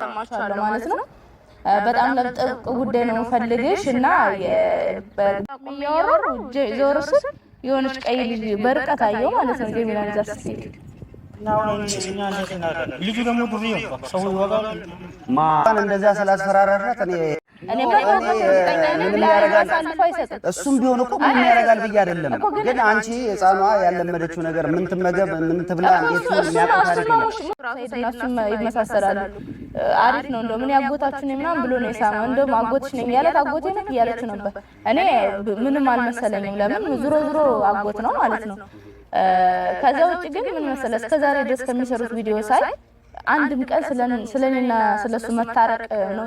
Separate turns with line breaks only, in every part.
ሰማችኋለሁ ማለት ነው። በጣም ለጥብቅ ጉዳይ ነው ፈልግሽ እና እያወራሁ ዞር ስል የሆነች ቀይ ልጅ በርቀት አየሁ ማለት ነው። ጀሚላ ዛ
ልጁ ደግሞ ዱሪ ሰው ይወጋል።
እንደዚያ ስላስፈራራሻት እኔ እሱም ቢሆን እኮ ምን ያደርጋል ብዬ አይደለም፣ ግን አንቺ ህፃኗ ያለመደችው ነገር ምን ትመገብ ምን ትብላ ነው።
ይመሳሰላሉ አሪፍ ነው እንደው ምን ያጎታችሁ ምናምን ብሎ ነው የሳመው። እንደውም አጎትሽ ነኝ ያለት አጎቴ ነው እያለች ነበር። እኔ ምንም አልመሰለኝም። ለምን ዙሮ ዙሮ አጎት ነው ማለት ነው። ከዛ ውጭ ግን ምን መሰለ ዛሬ ድረስ ከሚሰሩት ቪዲዮ ሳይ አንድም ቀን ስለኔና ስለሱ መታረቅ ነው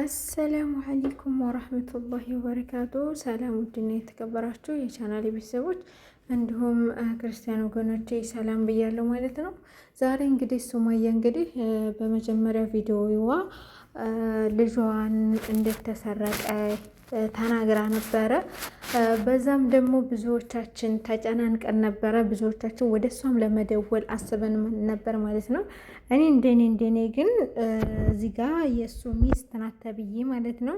አሰላሙ አለይኩም ወራህመቱላሂ ወበረካቱ። ሰላም ውድና የተከበራችሁ የቻናል ቤተሰቦች እንዲሁም ክርስቲያን ወገኖቼ ሰላም ብያለሁ ማለት ነው። ዛሬ እንግዲህ ሱማያ እንግዲህ በመጀመሪያ ቪዲዮዋ ልጇን እንደተሰረቀ ተናግራ ነበረ። በዛም ደግሞ ብዙዎቻችን ተጨናንቀን ነበረ። ብዙዎቻችን ወደ እሷም ለመደወል አስበን ነበር ማለት ነው። እኔ እንደኔ እንደኔ ግን እዚህ ጋ የእሱ ሚስት ናት ተብዬ ማለት ነው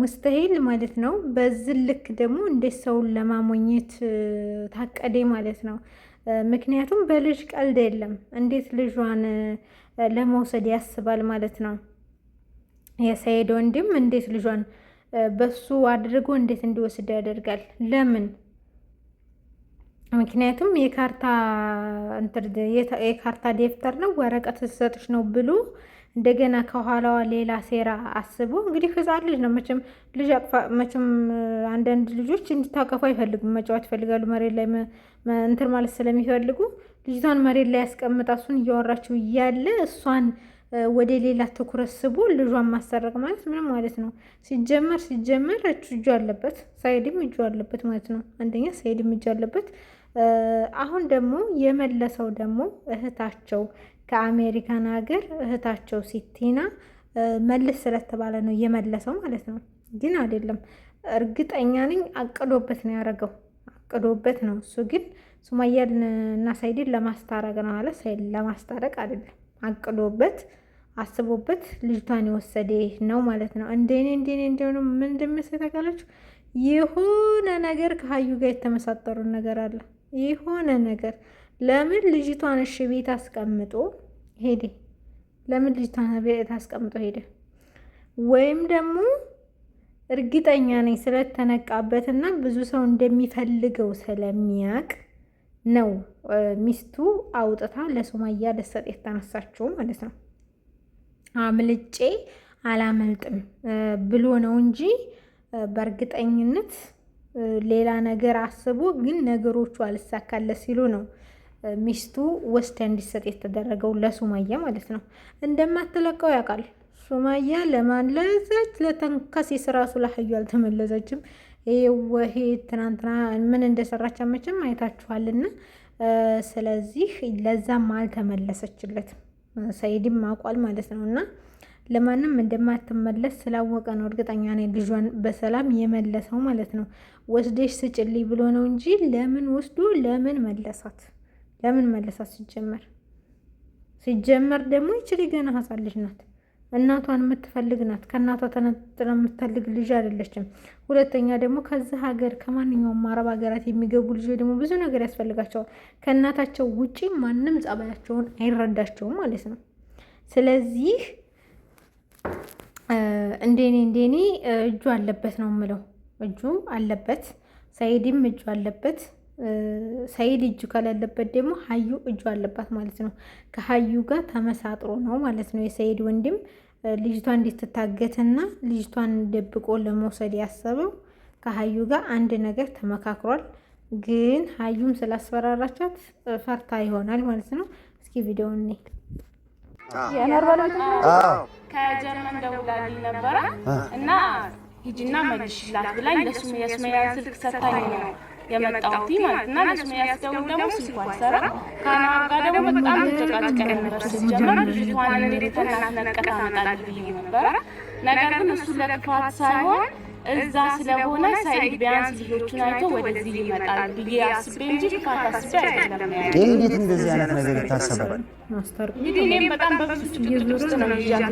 ሙስተሂል ማለት ነው። በዚህ ልክ ደግሞ እንዴት ሰውን ለማሞኘት ታቀዴ ማለት ነው። ምክንያቱም በልጅ ቀልድ የለም። እንዴት ልጇን ለመውሰድ ያስባል ማለት ነው። የሰይድ ወንድም እንዴት ልጇን በሱ አድርጎ እንዴት እንዲወስድ ያደርጋል? ለምን? ምክንያቱም የካርታ የካርታ ደብተር ነው ወረቀት ስትሰጥሽ ነው ብሎ እንደገና ከኋላዋ ሌላ ሴራ አስቦ እንግዲህ ህፃን ልጅ ነው መቼም ልጅ አቅፋ መቼም አንዳንድ ልጆች እንዲታቀፉ አይፈልጉም፣ መጫወት ይፈልጋሉ። መሬት ላይ እንትን ማለት ስለሚፈልጉ ልጅቷን መሬት ላይ ያስቀምጣ እሱን እያወራችው እያለ እሷን ወደ ሌላ ትኩረት ስቦ ልጇን ማሰረቅ ማለት ምንም ማለት ነው። ሲጀመር ሲጀመር እጁ አለበት፣ ሳይድም እጁ አለበት ማለት ነው። አንደኛ ሳይድም እጁ አለበት። አሁን ደግሞ የመለሰው ደግሞ እህታቸው ከአሜሪካን ሀገር እህታቸው ሲቲና መልስ ስለተባለ ነው የመለሰው ማለት ነው። ግን አይደለም፣ እርግጠኛ ነኝ አቅዶበት ነው ያደረገው፣ አቅዶበት ነው። እሱ ግን ሱማያን እና ሳይድን ለማስታረቅ ነው ማለት ሳይድን ለማስታረቅ አይደለም። አቅዶበት አስቦበት ልጅቷን የወሰደ ነው ማለት ነው። እንደኔ እንደኔ እንደሆነ ምን እንደሚመስል ታውቃላችሁ? የሆነ ነገር ከሀዩ ጋር የተመሳጠሩ ነገር አለ። የሆነ ነገር ለምን ልጅቷን እሺ ቤት አስቀምጦ ሄደ? ለምን ልጅቷን ቤት አስቀምጦ ሄደ? ወይም ደግሞ እርግጠኛ ነኝ ስለተነቃበትና ብዙ ሰው እንደሚፈልገው ስለሚያውቅ ነው ሚስቱ አውጥታ ለሱማያ ልትሰጥ የተነሳችው ማለት ነው። አምልጬ አላመልጥም ብሎ ነው እንጂ በእርግጠኝነት ሌላ ነገር አስቦ ግን ነገሮቹ አልሳካለ ሲሉ ነው ሚስቱ ወስዳ እንዲሰጥ የተደረገው ለሱማያ ማለት ነው። እንደማትለቀው ያውቃል ሱማያ። ለማለዛች ለተንከሴስ ራሱ ላህዩ አልተመለሰችም። ይሄ ትናንትና ምን እንደሰራች መቼም አይታችኋልና፣ ስለዚህ ለዛም አልተመለሰችለትም። ሰይድም አውቋል ማለት ነው እና ለማንም እንደማትመለስ ስላወቀ ነው እርግጠኛ ነኝ ልጇን በሰላም የመለሰው ማለት ነው። ወስደሽ ስጭልኝ ብሎ ነው እንጂ ለምን ወስዶ ለምን መለሳት? ለምን መለሳት? ሲጀመር ሲጀመር ደግሞ ይችል ገና ሀሳብ ልጅ ናት። እናቷን የምትፈልግ ናት። ከእናቷ ተነጥለ የምትፈልግ ልጅ አይደለችም። ሁለተኛ ደግሞ ከዚህ ሀገር ከማንኛውም አረብ ሀገራት የሚገቡ ልጆች ደግሞ ብዙ ነገር ያስፈልጋቸዋል። ከእናታቸው ውጪ ማንም ጸባያቸውን አይረዳቸውም ማለት ነው። ስለዚህ እንደኔ እንደኔ እጁ አለበት ነው የምለው። እጁ አለበት፣ ሰኢድም እጁ አለበት። ሰይድ እጁ ከሌለበት ደግሞ ሀዩ እጁ አለባት ማለት ነው። ከሀዩ ጋር ተመሳጥሮ ነው ማለት ነው። የሰይድ ወንድም ልጅቷን እንድትታገትና ልጅቷን ደብቆ ለመውሰድ ያሰበው ከሀዩ ጋር አንድ ነገር ተመካክሯል። ግን ሀዩም ስላስፈራራቻት ፈርታ ይሆናል ማለት ነው። እስኪ ቪዲዮ እኔ
ከጀርመን ደውላልኝ ነበረ እና ሂጂና መልሽላት ብላኝ ለሱ የስመያን ስልክ ሰታኝ ነው የመጣሁት ማለት እና ለስሜ ያስደውል ደግሞ ስልኳ አይሰራ ከናዋ ጋር ደግሞ በጣም ተጨቃጭቀን ነበር። ሲጀመር ልጅቷን እንዴት ተናነቀት አመጣለሁ ብዬ ነበረ። ነገር ግን እሱ ለጥፋት ሳይሆን እዛ ስለሆነ ሳይድ ቢያንስ ልጆቹን አይቶ ወደዚህ ይመጣል ብዬ አስቤ እንጂ ጥፋት አስቤ አይደለም። እንዴት እንደዚህ አይነት ነገር ይታሰባል? እንግዲህ እኔም በጣም በብዙ ጭቅጭቅ ውስጥ ነው ይዣት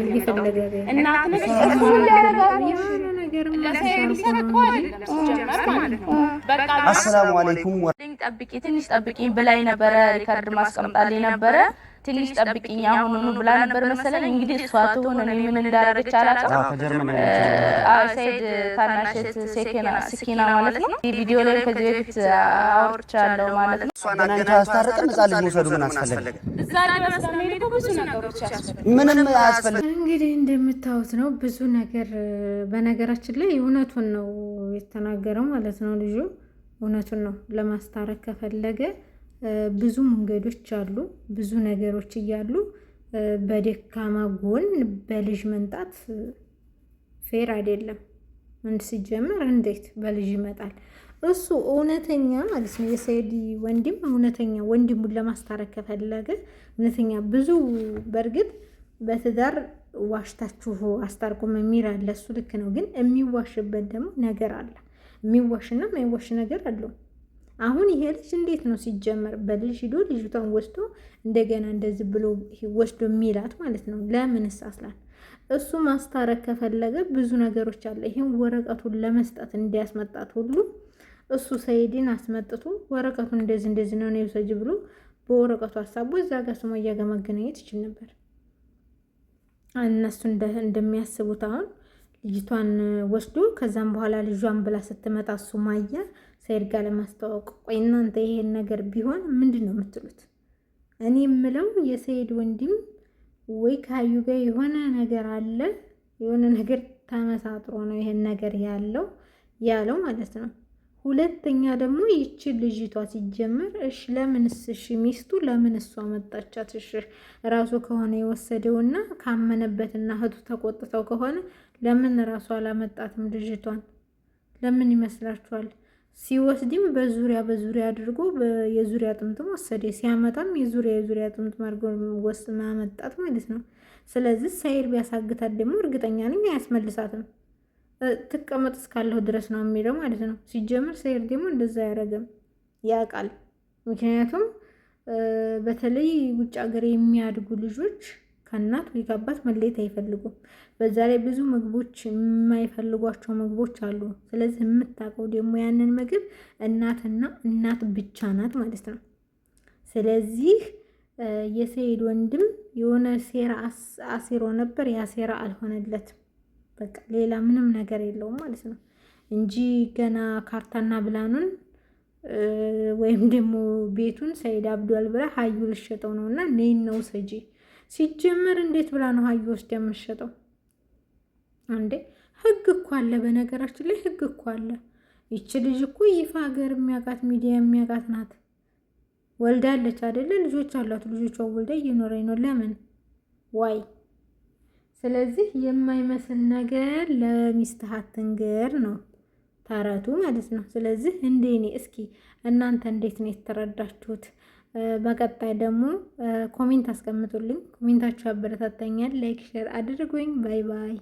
እናትነት ሁሉ አሰላሙ
አለይኩም ጠብቂ ትንሽ ጠብቂኝ ብላኝ ነበረ። ሪካርድ ማስቀምጣልኝ ነበረ። ትንሽ ጠብቂኝ አሁኑኑ ብላ ነበር መሰለኝ። እንግዲህ እሷ ትሆን እኔ ምን እንዳደረገች አላውቅም። ሰይድ ታናሸት ስኪና ማለት ነው። ቪዲዮ ላይ ከዚህ በፊት አውርቻለሁ
ማለት ነው። አስታርቅም እዛ ልጅ መውሰዱ ምን አስፈለገ? ምንም አያስፈልግም። እንግዲህ እንደምታዩት ነው ብዙ ነገር። በነገራችን ላይ እውነቱን ነው የተናገረው ማለት ነው ልጁ እውነቱን ነው ለማስታረቅ ከፈለገ ብዙ መንገዶች አሉ። ብዙ ነገሮች እያሉ በደካማ ጎን በልጅ መንጣት ፌር አይደለም። አንድ ሲጀምር እንዴት በልጅ ይመጣል? እሱ እውነተኛ ማለት ነው የሰይድ ወንድም እውነተኛ ወንድሙን ለማስታረቅ ከፈለገ እውነተኛ ብዙ በእርግጥ በትዳር ዋሽታችሁ አስታርቁም የሚል አለ። እሱ ልክ ነው፣ ግን የሚዋሽበት ደግሞ ነገር አለ። የሚዋሽና የማይወሽ ነገር አለው። አሁን ይሄ ልጅ እንዴት ነው ሲጀመር በልጅ ሂዶ ልጅቷን ወስዶ እንደገና እንደዚህ ብሎ ወስዶ የሚላት ማለት ነው? ለምንስ አስላል እሱ ማስታረቅ ከፈለገ ብዙ ነገሮች አለ። ይሄን ወረቀቱን ለመስጠት እንዲያስመጣት ሁሉ እሱ ሰይድን አስመጥቶ ወረቀቱን እንደዚህ እንደዚህ ነው የውሰጅ ብሎ በወረቀቱ ሀሳቡ እዛ ጋር ሱመያ ጋር መገናኘት ይችል ነበር። እነሱ እንደሚያስቡት አሁን ልጅቷን ወስዶ ከዛም በኋላ ልጇን ብላ ስትመጣ እሱ ማያ ሰይድ ጋር ለማስተዋወቅ ቆይ እናንተ ይሄን ነገር ቢሆን ምንድን ነው የምትሉት? እኔ የምለው የሰይድ ወንድም ወይ ከሀዩ ጋር የሆነ ነገር አለ፣ የሆነ ነገር ተመሳጥሮ ነው ይሄን ነገር ያለው ያለው ማለት ነው። ሁለተኛ ደግሞ ይቺ ልጅቷ ሲጀመር እሽ ለምንስ እሺ ሚስቱ ለምን እሷ መጣቻት? እሺ ራሱ ከሆነ የወሰደውና ካመነበትና እህቱ ተቆጥተው ከሆነ ለምን ራሱ አላመጣትም ልጅቷን? ለምን ይመስላችኋል? ሲወስድም በዙሪያ በዙሪያ አድርጎ የዙሪያ ጥምጥም ወሰደ። ሲያመጣም የዙሪያ የዙሪያ ጥምጥም አድርጎ ወስ ማመጣት ማለት ነው። ስለዚህ ሳይር ቢያሳግታት ደግሞ እርግጠኛ ነኝ አያስመልሳትም። ትቀመጥ እስካለሁ ድረስ ነው የሚለው ማለት ነው። ሲጀምር ሳይር ደግሞ እንደዛ አያደርግም፣ ያውቃል። ምክንያቱም በተለይ ውጭ ሀገር የሚያድጉ ልጆች ከእናት ወይ ከአባት መለየት አይፈልጉም። በዛ ላይ ብዙ ምግቦች የማይፈልጓቸው ምግቦች አሉ። ስለዚህ የምታውቀው ደግሞ ያንን ምግብ እናትና እናት ብቻ ናት ማለት ነው። ስለዚህ የሰይድ ወንድም የሆነ ሴራ አሲሮ ነበር። ያ ሴራ አልሆነለትም። በቃ ሌላ ምንም ነገር የለውም ማለት ነው እንጂ ገና ካርታና ብላኑን ወይም ደግሞ ቤቱን ሰይድ አብዷል ብላ ሀዩ ልሸጠው ነው እና ነይን ነው ሰጂ ሲጀመር እንዴት ብላ ነው ሀዩ ውስጥ የምሸጠው እንዴ? ህግ እኮ አለ። በነገራችን ላይ ህግ እኮ አለ። ይቺ ልጅ እኮ ይፋ ሀገር የሚያውቃት ሚዲያ የሚያውቃት ናት። ወልዳለች አይደለ? ልጆች አሏት። ልጆቿ ወልዳ እየኖረኝ ነው። ለምን ዋይ? ስለዚህ የማይመስል ነገር ለሚስትህ አትንገር ነው ተረቱ ማለት ነው። ስለዚህ እንዴ እስኪ እናንተ እንዴት ነው የተረዳችሁት? በቀጣይ ደግሞ ኮሜንት አስቀምጡልኝ። ኮሜንታችሁ ያበረታታኛል። ላይክ ሼር አድርጉኝ። ባይ ባይ።